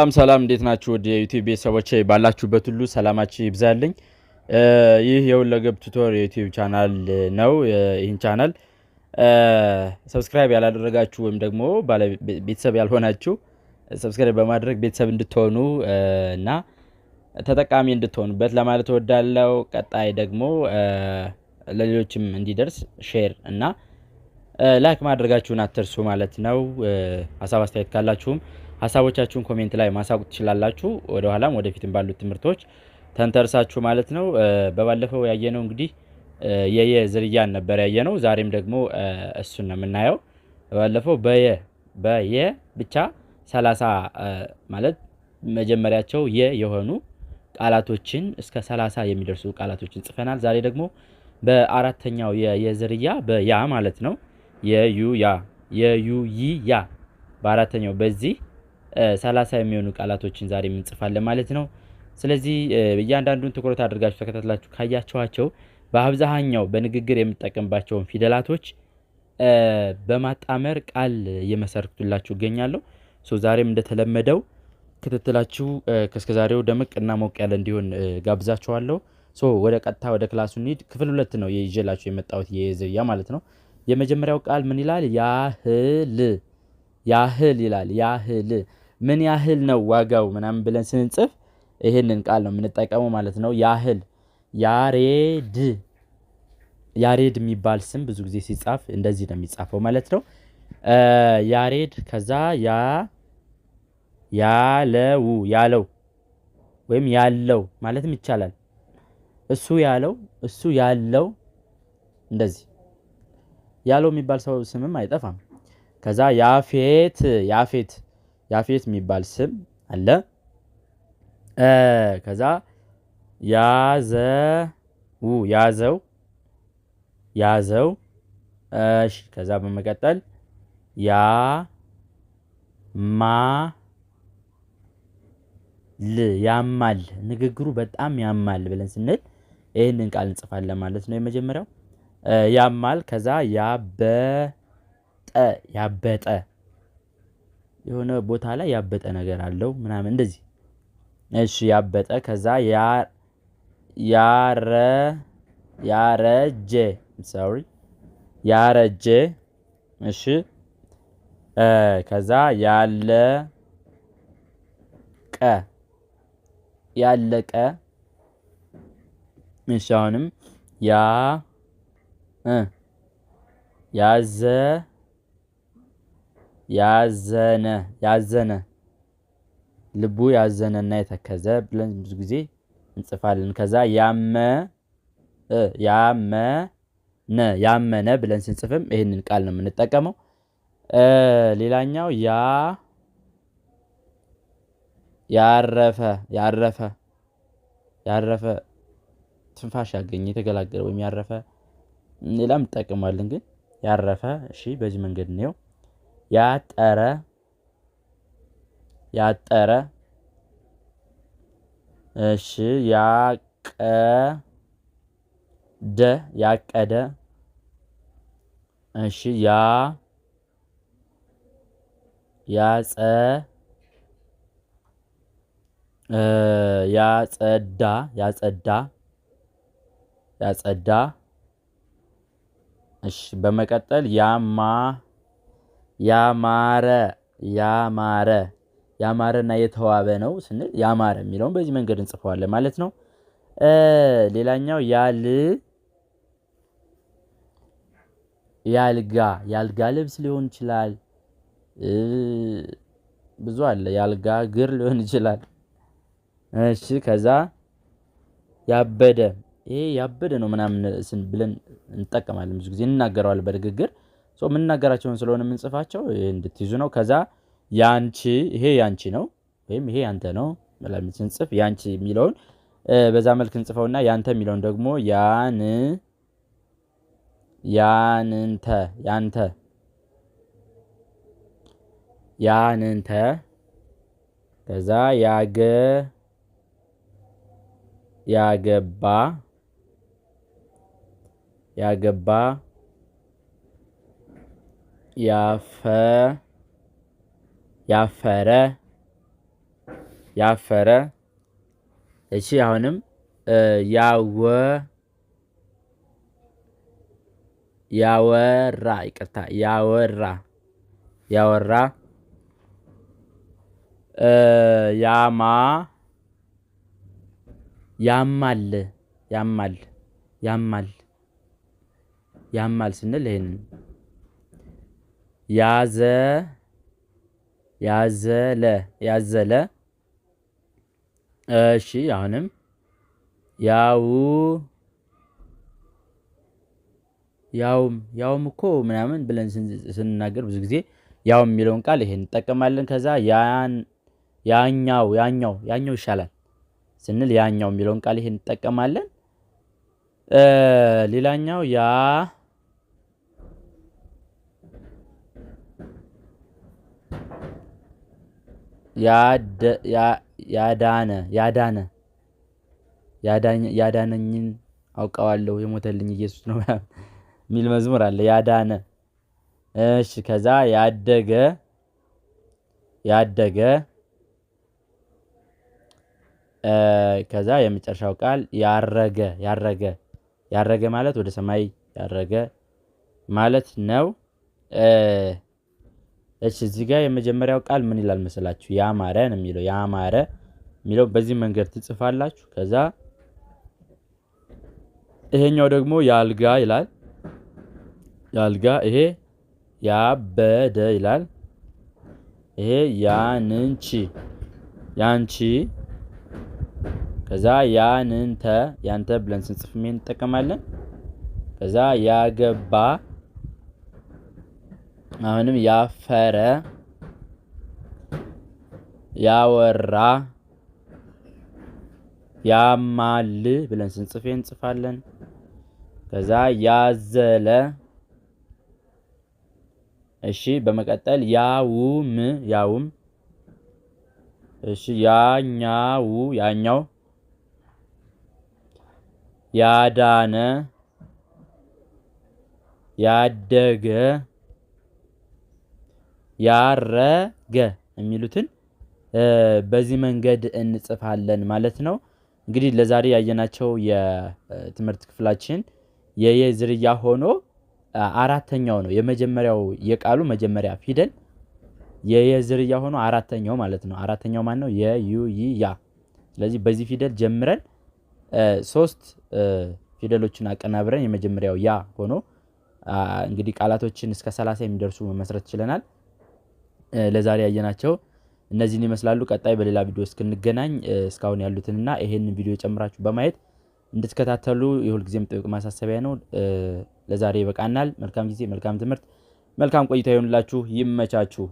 ሰላም ሰላም፣ እንዴት ናችሁ? ወደ ዩቲዩብ ቤተሰቦች ባላችሁበት ሁሉ ሰላማችሁ ይብዛልኝ። ይህ የሁለገብ ቱቶር የዩቲዩብ ቻናል ነው። ይህን ቻናል ሰብስክራይብ ያላደረጋችሁ ወይም ደግሞ ቤተሰብ ያልሆናችሁ ሰብስክራይብ በማድረግ ቤተሰብ እንድትሆኑ እና ተጠቃሚ እንድትሆኑበት ለማለት ወዳለው። ቀጣይ ደግሞ ለሌሎችም እንዲደርስ ሼር እና ላይክ ማድረጋችሁን አትርሱ ማለት ነው። ሀሳብ አስተያየት ካላችሁም ሀሳቦቻችሁን ኮሜንት ላይ ማሳወቅ ትችላላችሁ። ወደኋላም ወደፊትም ባሉት ትምህርቶች ተንተርሳችሁ ማለት ነው። በባለፈው ያየነው እንግዲህ የየ ዝርያን ነበር ያየነው። ዛሬም ደግሞ እሱን ነው የምናየው። በባለፈው በየ በየ ብቻ ሰላሳ ማለት መጀመሪያቸው የ የሆኑ ቃላቶችን እስከ ሰላሳ የሚደርሱ ቃላቶችን ጽፈናል። ዛሬ ደግሞ በአራተኛው የዝርያ በያ ማለት ነው የዩ ያ የዩ ይ ያ በአራተኛው በዚህ ሰላሳ የሚሆኑ ቃላቶችን ዛሬ የምንጽፋለን ማለት ነው። ስለዚህ እያንዳንዱን ትኩረት አድርጋችሁ ተከታትላችሁ ካያችኋቸው በአብዛኛው በንግግር የምጠቀምባቸውን ፊደላቶች በማጣመር ቃል እየመሰርቱላችሁ እገኛለሁ። ዛሬም እንደተለመደው ክትትላችሁ ከእስከዛሬው እና ሞቅ ያለ እንዲሆን ጋብዛችኋለሁ። ወደ ቀጥታ ወደ ክላሱ እንሂድ። ክፍል ሁለት ነው ይዤላችሁ የመጣሁት የዘያ ማለት ነው። የመጀመሪያው ቃል ምን ይላል? ያህል ያህል ይላል። ያህል ምን ያህል ነው ዋጋው ምናምን ብለን ስንጽፍ ይሄንን ቃል ነው የምንጠቀመው ማለት ነው። ያህል ያሬድ ያሬድ የሚባል ስም ብዙ ጊዜ ሲጻፍ እንደዚህ ነው የሚጻፈው ማለት ነው። ያሬድ ከዛ ያ ያለው ያለው ወይም ያለው ማለትም ይቻላል። እሱ ያለው እሱ ያለው እንደዚህ ያለው የሚባል ሰው ስምም አይጠፋም። ከዛ ያፌት ያፌት ያፌት የሚባል ስም አለ። ከዛ ያዘው ያዘው ያዘው እሺ። ከዛ በመቀጠል ያ ማ ል ያማል ንግግሩ በጣም ያማል ብለን ስንል ይህንን ቃል እንጽፋለን ማለት ነው። የመጀመሪያው ያማል። ከዛ ያበጠ ያበጠ የሆነ ቦታ ላይ ያበጠ ነገር አለው ምናምን እንደዚህ እሺ ያበጠ ከዛ ያረ ያረጀ ሶሪ ያረጀ እሺ ከዛ ቀ ያለቀ እሺ አሁንም ያ ያዘ ያዘነ ያዘነ ልቡ ያዘነና የተከዘ ብለን ብዙ ጊዜ እንጽፋለን። ከዛ ያመ ያመነ ያመነ ብለን ስንጽፍም ይህንን ቃል ነው የምንጠቀመው። ሌላኛው ያ ያረፈ ያረፈ ያረፈ ትንፋሽ ያገኘ የተገላገለ ወይም ያረፈ ሌላም እንጠቀማለን። ግን ያረፈ እሺ፣ በዚህ መንገድ ነው። ያጠረ ያጠረ እሺ ያቀደ ያቀደ እሺ ያ ያጸ ያጸዳ ያጸዳ ያጸዳ እሺ በመቀጠል ያማ ያማረ ያማረ ያማረና የተዋበ ነው ስንል ያማረ የሚለውን በዚህ መንገድ እንጽፈዋለን ማለት ነው። ሌላኛው ያል ያልጋ ያልጋ ልብስ ሊሆን ይችላል። ብዙ አለ። ያልጋ እግር ሊሆን ይችላል። እሺ ከዛ ያበደ ይሄ ያበደ ነው ምናምን ብለን እንጠቀማለን። ብዙ ጊዜ እንናገረዋለን በንግግር የምንናገራቸውን ስለሆነ የምንጽፋቸው እንድትይዙ ነው። ከዛ ያንቺ ይሄ ያንቺ ነው ወይም ይሄ ያንተ ነው ብለን ስንጽፍ ያንቺ የሚለውን በዛ መልክ እንጽፈውና ያንተ የሚለውን ደግሞ ያን ያንንተ ያንተ ያንንተ ከዛ ያገ ያገባ ያገባ ያፈረ ያፈረ። እሺ አሁንም ያወ ያወራ ይቅርታ፣ ያወራ ያወራ ያማ ያማል ያማል ያማል ያማል ስንል ይሄንን ያዘ ያዘለ ያዘለ እሺ አሁንም ያው ያውም ያውም እኮ ምናምን ብለን ስንናገር ብዙ ጊዜ ያው የሚለውን ቃል ይሄን እንጠቀማለን። ከዛ ያኛው ያኛው ያኛው ይሻላል ስንል ያኛው የሚለውን ቃል ይሄን እንጠቀማለን። ሌላኛው ያ ያዳነ ያዳነ ያዳነኝን አውቀዋለሁ የሞተልኝ ኢየሱስ ነው የሚል መዝሙር አለ። ያዳነ እሺ። ከዛ ያደገ ያደገ ከዛ የመጨረሻው ቃል ያረገ ያረገ ያረገ ማለት ወደ ሰማይ ያረገ ማለት ነው። እሺ እዚህ ጋር የመጀመሪያው ቃል ምን ይላል መሰላችሁ? ያማረ ነው የሚለው። ያማረ የሚለው በዚህ መንገድ ትጽፋላችሁ። ከዛ ይሄኛው ደግሞ ያልጋ ይላል። ያልጋ ይሄ ያበደ ይላል። ይሄ ያንንቺ ያንቺ ከዛ ያንንተ ያንተ ብለን ስንጽፍ ምን እንጠቀማለን? ከዛ ያገባ አሁንም ያፈረ ያወራ ያማል ብለን ስንጽፌ እንጽፋለን። ከዛ ያዘለ እሺ። በመቀጠል ያውም ያውም እሺ። ያኛው ያኛው ያዳነ ያደገ ያረገ የሚሉትን በዚህ መንገድ እንጽፋለን ማለት ነው። እንግዲህ ለዛሬ ያየናቸው የትምህርት ክፍላችን የየ ዝርያ ሆኖ አራተኛው ነው። የመጀመሪያው የቃሉ መጀመሪያ ፊደል የየ ዝርያ ሆኖ አራተኛው ማለት ነው። አራተኛው ማን ነው? የዩ ይ ያ። ስለዚህ በዚህ ፊደል ጀምረን ሶስት ፊደሎችን አቀናብረን የመጀመሪያው ያ ሆኖ እንግዲህ ቃላቶችን እስከ ሰላሳ የሚደርሱ መመስረት ችለናል። ለዛሬ ያየናቸው እነዚህን ይመስላሉ። ቀጣይ በሌላ ቪዲዮ እስክንገናኝ እስካሁን ያሉትንና ይሄንን ቪዲዮ ጨምራችሁ በማየት እንድትከታተሉ የሁልጊዜም ጥብቅ ማሳሰቢያ ነው። ለዛሬ ይበቃናል። መልካም ጊዜ፣ መልካም ትምህርት፣ መልካም ቆይታ ይሆንላችሁ። ይመቻችሁ።